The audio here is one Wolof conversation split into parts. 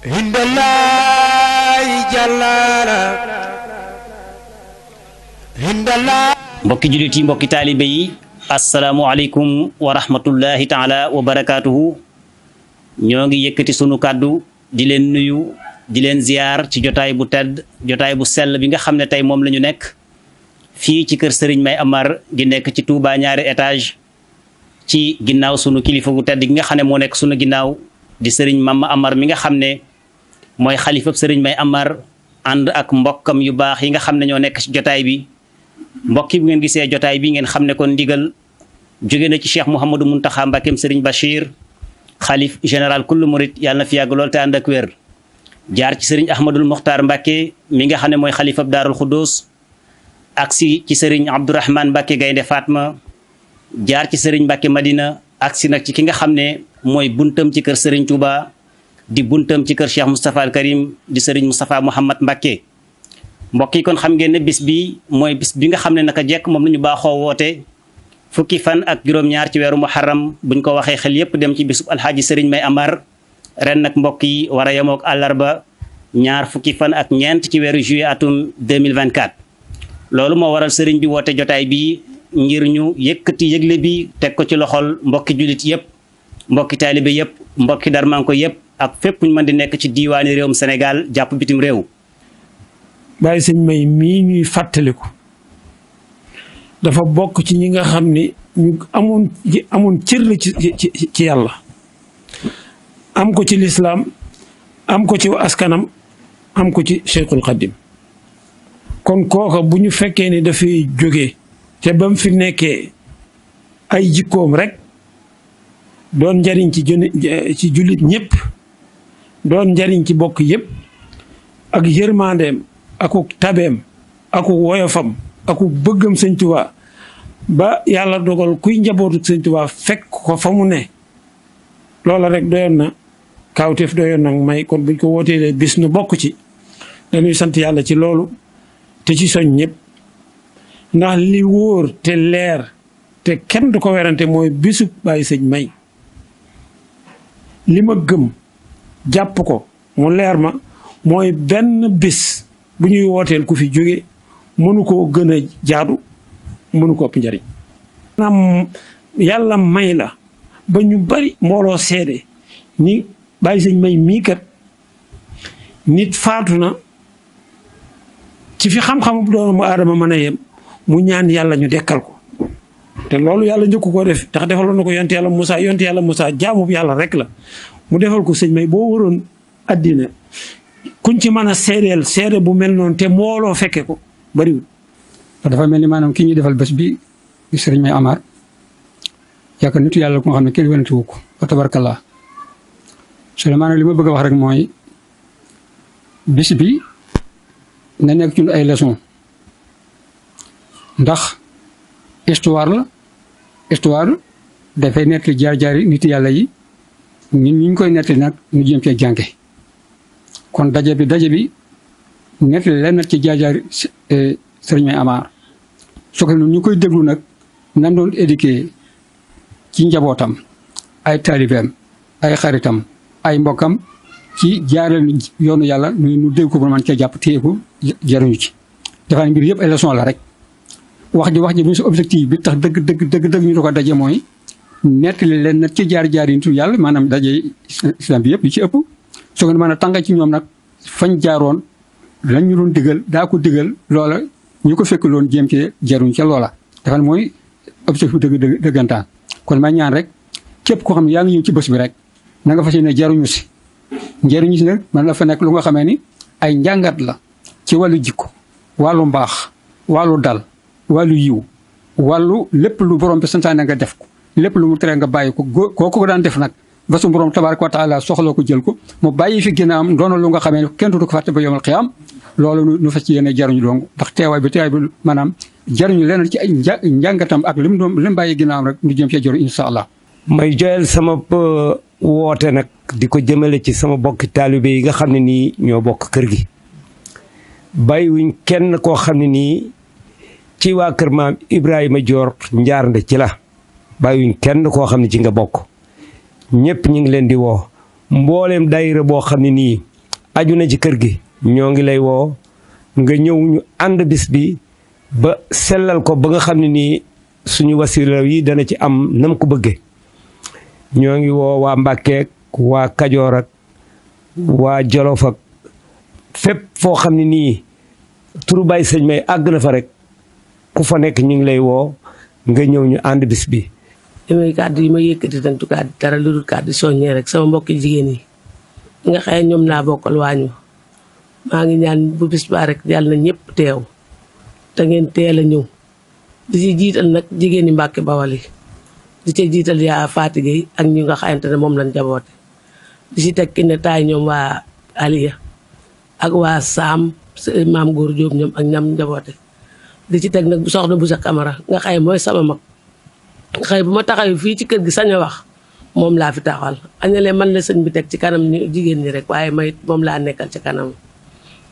عند الله جلال عند الله mbokki jullit yi mbokki taalibe yi asalaamualeykum wa rahmatullahi taala wa ñoo ngi yëkkati sunu kàddu di leen nuyu di leen ziyaar ci jotaay bu tedd jotaay bu sell bi nga xam ne tey moom la ñu nekk fii ci kër sëriñ May Amar gi nekk ci Touba ñaari étage ci ginnaaw sunu kilifa gu tedd gi nga xam ne moo nekk sunu ginnaaw di Serigne ma Amar mi nga xam ne Moy khalifa sering may Amar and ak mbokam yu bax yi nga xamne ño nek ci jotay bi mbokki bu ngeen gisee jotay bi ngeen xamne kon ndigal joge na ci cheikh mohammed muntaha mbakem serigne bashir khalif general kullu murid yalna fi yag lol te and ak wer jaar ci serigne Ahmadul Mukhtar mbake mi nga xamne moy khalifa darul khudus ak aksi ci serigne Abdourahman mbake Gaynde Fatma jaar ci sëriñ Mbacke Madina aksi nak ci ki nga xamne ne buntam ci keur serigne Touba di buntam ci kër cheikh mustapha al karim di serigne mustapha mohammed mbakke mbokk yi kon xam ngeen ne bis bi moy bis bi nga xam ne naka jek mom lañu baxo wote fukki fan ak juroom ñaar ci wéru muharram buñ ko waxe xel yépp dem ci bisub haji serigne may amar ren nak mbokk yi wara yamok alarba fukifan ñaar fukki fan ak ñent ci wéru juillet atum 2024 lolu mo waral serigne bi wote jotay bi ngir ñu yëkkati yegle bi tek ko ci loxol mbokki julit yépp mbokki talibé yépp mbokki darmanko yépp ak fépp ñu mën di nekk ci diwaanu réewum senegal jàpp bitim réew. bàyyi sëñ may mii ñuy fàttaliku dafa bokk ci ñi nga xam ni ñu amoon ci ci ci yàlla am ko ci lislaam am ko ci askanam am ko ci Cheikhul Xadim kon kooka bu ñu fekkee ni dafay jóge te ba mu fi nekkee ay jikkoom rek doon njariñ ci ci jullit ñëpp doon njariñ ci bokk yëpp ak yërmandeem aku tabeem aku woyofam aku bëggam sëñ ba yàlla dogal kuy njabootu sëñ Tuubaa fekk ko fa mu ne loola rek doyoon na kaawteef doyoon na may kon buñ ko wooteelee bis nu bokk ci dañuy sant yàlla ci loolu te ci soñ ñëpp ndax li wóor leer te kenn du ko werante mooy bisub bàyyi sëñ may li ma gëm jàpp ko mu leer ma mooy benn bis bu ñuy wooteel ku fi jóge mënu koo gën a jaadu mënu ko njariñ maanaam yàlla may la ba ñu bari mbooloo seede ni bàyyi sëñ may mii nit faatu na ci fi xam-xamu doomu aadama mën a yem mu ñaan yàlla ñu dekkal ko te loolu yàlla njëkku koo def ndax defaloon na ko yonte yàlla Moussa yonte yàlla Moussa jaamu yàlla rek la mu defal ko sëñ may boo waroon addina kuñ ci mën a seedeel seede bu mel noonu te mbooloo fekke ko bariwul ndax dafa mel ni maanaam ki ñuy defal bés bi di sëriñ may Amar yaakaar nitu yàlla ko nga xam ne kenn wéranti wu ko wa tabarkallah Souleymane li ma bëgg a wax rek mooy bis bi na nekk ci ay leson ndax histoire la histoire dafay nekk jaar-jaari nit yàlla yi ñun ñu koy nettali nag ñu jëm cee jànge kon daje bi daje bi nettali lenn ci jaajaar eh, sëriñ May Amar soo ko ñu koy déglu nag nam doon éduqué ci njabootam ay taalibeem ay xaritam ay mbokkam ci jaareel yoonu yàlla ñu nu dégg ko bu man cee jàpp téye ko jaruñu ci dafa ne mbir yëpp ay leçon la rek wax ji wax ji bu ñu sa objectif bi tax dëgg dëgg dëgg dëgg ñu da ko daje mooy nettali leen nag ci jaar-jaar yi nitu yàlla maanaam daje islam bi yëpp li ci ëpp su ko mën a ci ñoom nag fañ jaaroon lañ ñu doon digal daa ko digal loola ñu ko fekk jéem ci jaruñ ca loola dafa mooy objectif dëgg dëggantaan kon may ñaan rek képp koo xam ne yaa ci bés bi rek na nga fas yéene jaruñu si njëriñu si nag man la fa nekk lu nga xamee ni ay njàngat la ci wàllu jikko wàllu mbaax wàllu dal wàllu yiw wàllu lépp lu borom bi santaane nga def ko lepp lu mu tere nga bayiko ko ko daan def nak ba sun borom tabaaraku taala soxlo ko jël ko mu bayyi fi ginaam doona lu nga xamé ne kenn du ko fàtte ba yomal qiyam loolu nu fa ci yéene jarñu dong ndax téway bi téway bi manam jarñu ci ay ak lim dom lim bayyi ginaam rek nu jëm ci jor inshallah may jël sama po uh, nak di ko ci sama bokk talibé yi nga xam ni ño bokk kër gi wuñ kenn ko xam ni ci wa kër maam Ibrahima ci la bàyyiwuñ kenn koo xam ne ci nga bokk ñëpp ñu ngi leen di woo mbooleem daayira boo xam ne nii aju na ci kër gi ñoo ngi lay woo nga ñëw ñu ànd bis bi ba sellal ko ba nga xam ne nii suñu wasila yi dana ci am nam ko bëggee ñoo ngi woo waa Mbàkkeek waa Kajoor ak waa Jolof ak foo xam ne nii turu bay Sëñ May àgg na fa rek ku fa nekk ñu ngi lay woo nga ñëw ñu ànd bis bi li may kàddu yi ma yëkkati tantu kàddu dara lu dul kàddu soññee rek sama mbokki jigéen yi nga xëy ñoom laa bokkal waañu maa ngi ñaan bu bis baa rek na ñëpp teew te ngeen teel a ñëw di ci jiital nag jigéen yi Mbàkke Bawal di ci jiital yaa ak ñu nga xayante ne moom lañ jaboote di ci teg ki ne taay ñoom waa Aliya ak waa Saam maam góor Jóob ñoom ak ñam jaboote di ci teg nag soxna bu sa Camara nga xay mooy sama mag xëy bu ma taxawee fii ci kër gi sañ a wax moom laa fi taxawal añalee man la sëñ bi teg ci kanam jigéen ñi rek waaye may moom laa nekkal ci kanam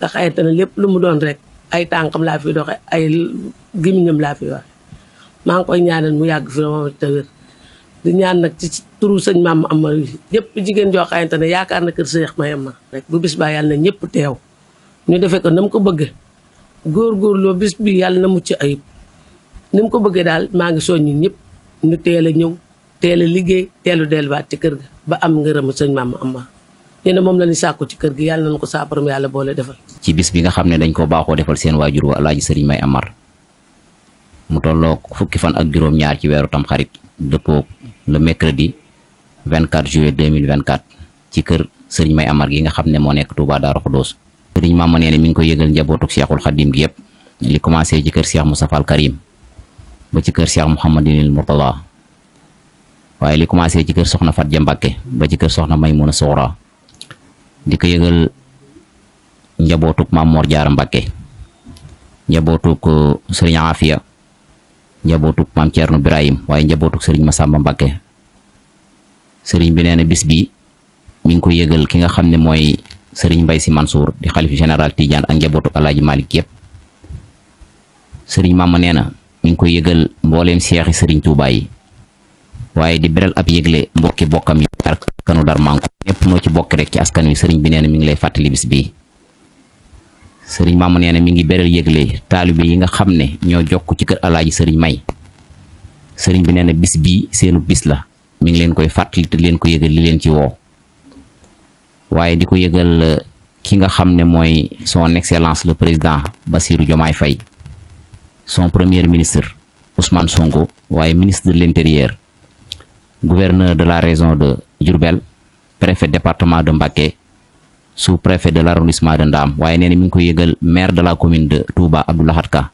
ndax ay tane lépp lu mu doon rek ay tànkam laa fi doxe ay gémmiñam laa fi waxe maa ngi koy ñaanal mu yàgg fi moom te wér di ñaan nag ci turu sëñ maam ama ñëpp jigéen joo xamante ne yaakaar na kër Seex Mayama rek bu bis baa yàlla na ñëpp teew ñu defe ko na mu ko bëgge góor góorloo bis bi yàlla na mucc ayib ni mu ko bëggee daal maa ngi ñi ñëpp ñu teel a ñëw teel a liggéey teel delluwaat ci kër ga ba am ngërëm sëñ maam Amma ma ne moom la ñu sàkku ci kër gi yàlla nañ ko saa borom yàlla boole defal. ci bis bi nga xam ne dañ koo baaxoo defal seen waajur wa alaaji sëriñ May Amar mu tolloog fukki fan ak juróom-ñaar ci weeru tamxarit dëppoo le mercredi 24 juillet 2024 ci kër sëriñ May Amar gi nga xam ne moo nekk Touba Darou Khoudoss. sëriñ maama nee ne mi ngi koy yëgal njabootu Cheikhul Khadim gi yëpp li commencé ci kër Cheikh Moustapha Al Karim ba ci kër Cheikh Mouhamadinil Mourtala waaye li commencé ci kër soxna Fat Jambake ba ci kër soxna Maymuna Suura di ko yëgal njabotuk mam Mor jaar Mbàkke njabotuk serigne afia njabotuk mam cierno ibrahim waaye njabotuk serigne Masamba Mbàkke serigne bi nee bis bi mi ngi ko yëgal ki nga xam moy serigne Si Mansour di khalife general Tidiane ak njabotuk Alaaji Malik yépp serigne mam nee mi ngi koy yëgal mbooleem seexi sëriñ Tuubaa yi waaye di beral ab yëgle mbokki bokkam yi askanu Darmanko ñëpp noo ci bokki rek ci askan wi sëriñ bi nee na mi ngi lay fàttali bis bii sëriñ maamu nee na mi ngi beral yëgle taalibe yi nga xam ne ñoo jokk ci kër alaaji sëriñ may sëriñ bi nee na bis bii seenu bis la mi ngi leen koy fàttali te leen ko yëgal li leen ci woo waaye di ko yëgal ki nga xam ne mooy son excellence la président ba Bassirou jomaay fay son premier ministre Ousmane Sonko waye ministre de l'intérieur gouverneur de la région de Djourbel préfet département de Mbacké sous-préfet de l'arrondissement de Ndam waye nee na mi ngi ko maire de la commune de Touba Abdoulahat Ka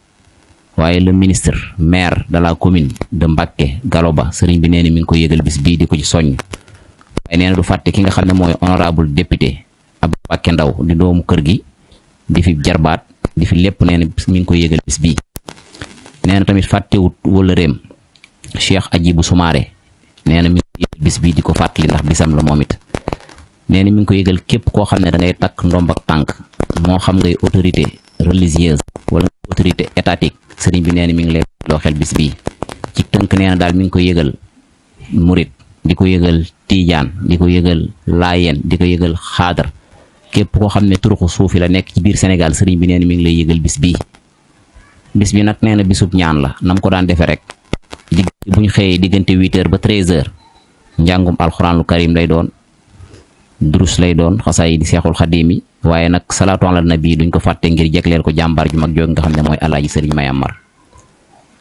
waye le ministre maire de la commune de Mbacké Galoba sëriñ bi nee na mi ngi ko bis bi di ko ci soññ waye nee du fàtte ki nga xam moy honorable député Ndaw di doomu kër gi di fi jarbat di fi lepp nee na mi ngi ko bis bi neena tamit fàttewut wëlëreem cheikh ajibu soumaré neena mi bis bi di ko ndax bisam la momit neena mi ngi ko yëgal képp koo xam da ngay tak ndomb ak tank mo xam ngay autorité religieuse wala autorité étatique serigne bi neena mi ngi lay loo xel bis bi ci teunk neena dal mi ngi ko mourid diko di ko diko yegal di ko yegal laayeen di ko xamne turu képp koo la nek ci bir senegal serigne bi neena mi ngi lay yegal bis bi bis bi nag nee na bisub ñaan la nam ko daan defee rek diggante bu ñu xëyee diggante huit heures ba treize heures njàngum alxuraanul karim lay doon durus lay doon xasaay di seexul xadiim yi waaye nag salaatu ala bii duñ ko fàtte ngir jegleel ko jàmbaar ju mag joog nga xam ne mooy alaaji sëriñ Mayamar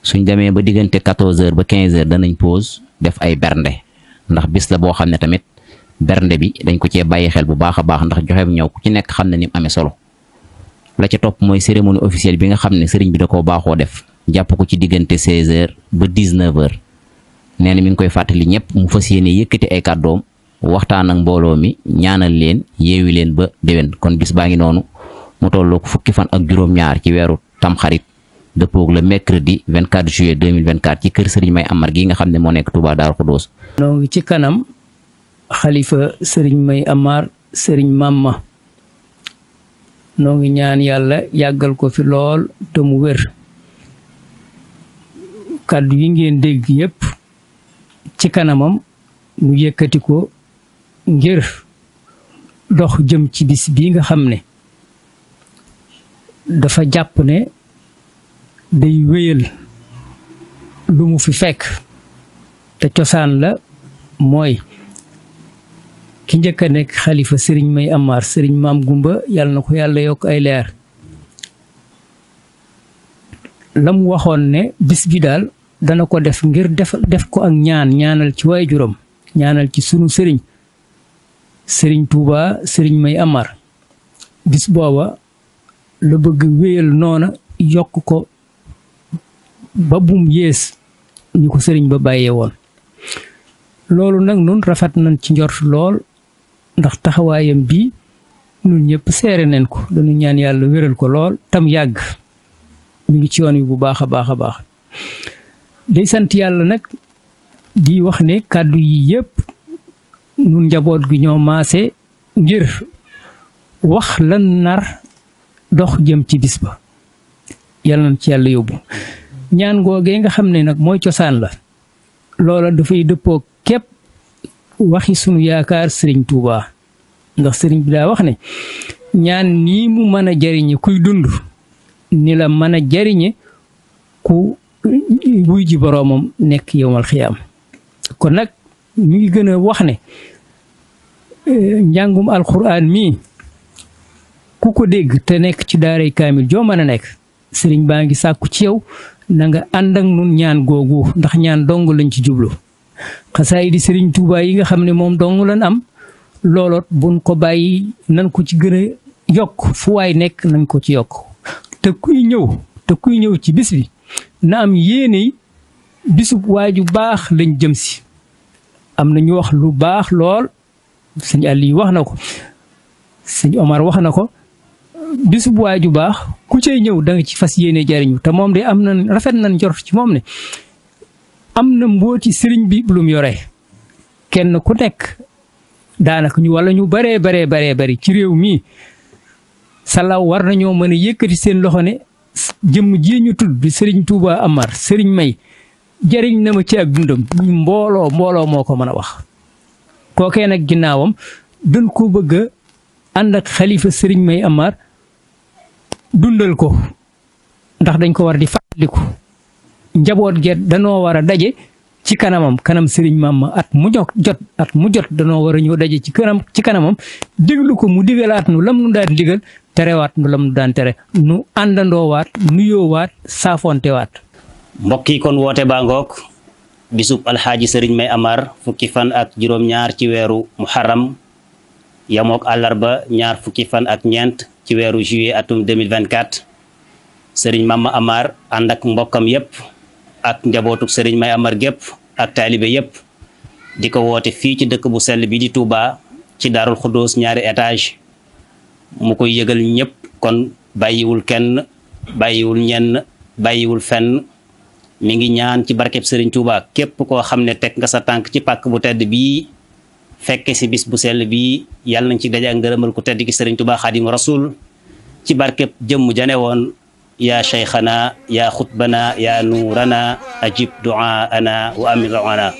suñ demee ba diggante quatorze heures ba quinze heures danañ pause def ay bernde ndax bis la boo xam ne tamit bernde bi dañ ko cee bàyyi xel bu baax a baax ndax joxe ñëw ku ci nekk xam ne ni amee solo. la ca topp mooy cérémonie officielle bi nga xam ne sëriñ bi da koo baaxoo def jàpp ko ci diggante 16h ba 19h nee na mi ngi koy fàttali ñëpp mu fas yéene yëkkati ay kàddoom waxtaan ak mbooloo ñaanal leen yeewi leen ba déwén kon bis baa ngi noonu mu tolloo ko fukki fan ak juróom-ñaar ci weeru tamxarit dëppoog le mercredi 24 juillet 2024 ci kër sëriñ May Amar gi nga xam ne moo nekk Touba Darou Khoudoss. ci kanam xalifa sëriñ May Amar sëriñ noo ngi ñaan yàlla yàggal ko fi lool te mu wér kàddu yi ngeen dégg yépp ci kanamam mu yëkkati ko ngir dox jëm ci bis bii nga xam ne dafa jàpp ne day wéyal lu mu fi fekk te cosaan la mooy ki njëkk a nekk xalifa sëriñ May Amar sëriñ Maam Gumba yàlla na ko yàlla yokk ay leer lam waxoon ne bis bi daal dana ko def ngir def ko ak ñaan ñaanal ci waajuram ñaanal ci sunu sëriñ sëriñ Touba sëriñ May Amar bis booba la bëgg wéyal noona yokk ko ba bum yées ñu ko sëriñ ba bàyyee woon loolu nag nun rafet nañ ci njort lool ndax taxawayam bi ñun ñepp séré nañ ko dañu ñaan yalla wéral ko lool tam yag mi ngi ci yoon yu bu baaxa baaxa baax day sant yalla nak di wax ne kaddu yi yépp ñun njaboot gi ñoo maase ngir wax lan nar dox jëm ci bisba yalla yàlla ci yalla yobbu ñaan goge nga xam ne moy ciosan cosaan la loola dafay dëppoo kep waxi sunu yaakar serigne touba ndax serigne bi da wax ne ñaan ni mu mën a jariñe kuy dund ni la mën ku buy ji boromam nek yowmal khiyam kon nak mi ngi wax ne ñangum eh, alquran mi ku ko deg te nek ci daaray kamil jo mën nek serigne sëriñ sakku ci yow na nga and ak nun ñaan googu ndax ñaan dong lañ ci jublu di touba yi nga xamne mom dong lañ am looloot bun ko bàyyi nañ ko ci gën a yokk fu waay nekk nañ ko ci yokk te kuy ñëw te kuy ñëw ci bis bi na am yéene bisub waay ju baax lañ jëm si am na ñu wax lu baax lool sëñ Aliou wax na ko sëñ Omar wax na ko bisub waay ju baax ku cee ñëw danga nga ci fas yéene jariñu te moom de am na rafet nañ jor ci moom ne am na mbooti sëriñ bi lu mu yore kenn ku nekk daanaka ñu walla ñu baree baree baree bari ci réew mii salaaw war nañoo mën a yëkkati seen loxo ne jëmm ji ñu tudd bi sëriñ Touba Amar sëriñ May jëriñ na ma ci ak dundam mbooloo mbooloo moo ko mën a wax. kookee nag ginnaawam dañ ko bëgg a ànd ak xalifa May Amar dundal ko ndax dañ ko war di fàttaliku njaboot ge danoo war a daje. ci kanamam kanam serigne mama at mu jot at mu jot dano wara ñu dajé ci kanam ci kanamam deglu ko mu digelat nu lam nu daan téré wat nu lam nu daan téré nu àndandoowaat wat. saafontewaat mbokk yi kon woote ba ngok bisub alxaaji serigne may amar fukki fan ak juróom ñaar ci wéru muharram yamok alarba ñaar fukki fan ak ñent ci wéru juillet atum 2024 sering mama amar andak ak mbokkam yépp ak njabotuk sering may amar gep ak taalibe yépp di ko woote fii ci dëkk bu sell bi di Touba ci Daarul Xuddoos ñaari étage mu koy yëgal ñépp kon bàyyiwul kenn bàyyiwul ñenn bàyyiwul fenn mu ngi ñaan ci barkeb sëriñ Touba képp koo xam ne teg nga sa tànk ci pàkk bu tedd bii fekke si bis bu sell bii yàlla nañ ci daje ak ngërëmal ku tedd ki sëriñ Touba Xaadimu Rasuul ci barkeb jëmm jane يا شيخنا يا خطبنا يا نورنا أجب دعاءنا وأمن رعانا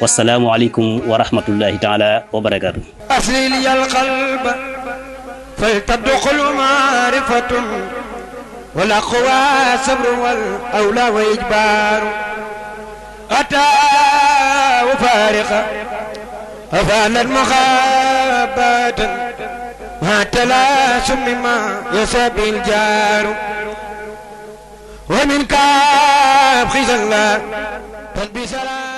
والسلام عليكم ورحمة الله تعالى وبركاته أسري لي القلب فلتدخل معرفة والأقوى صبر والأولى وإجبار أتى وفارقة أفعل المخابات ما تلاسم ما يسبي الجار ومنك أبخي زغلا فالبسلام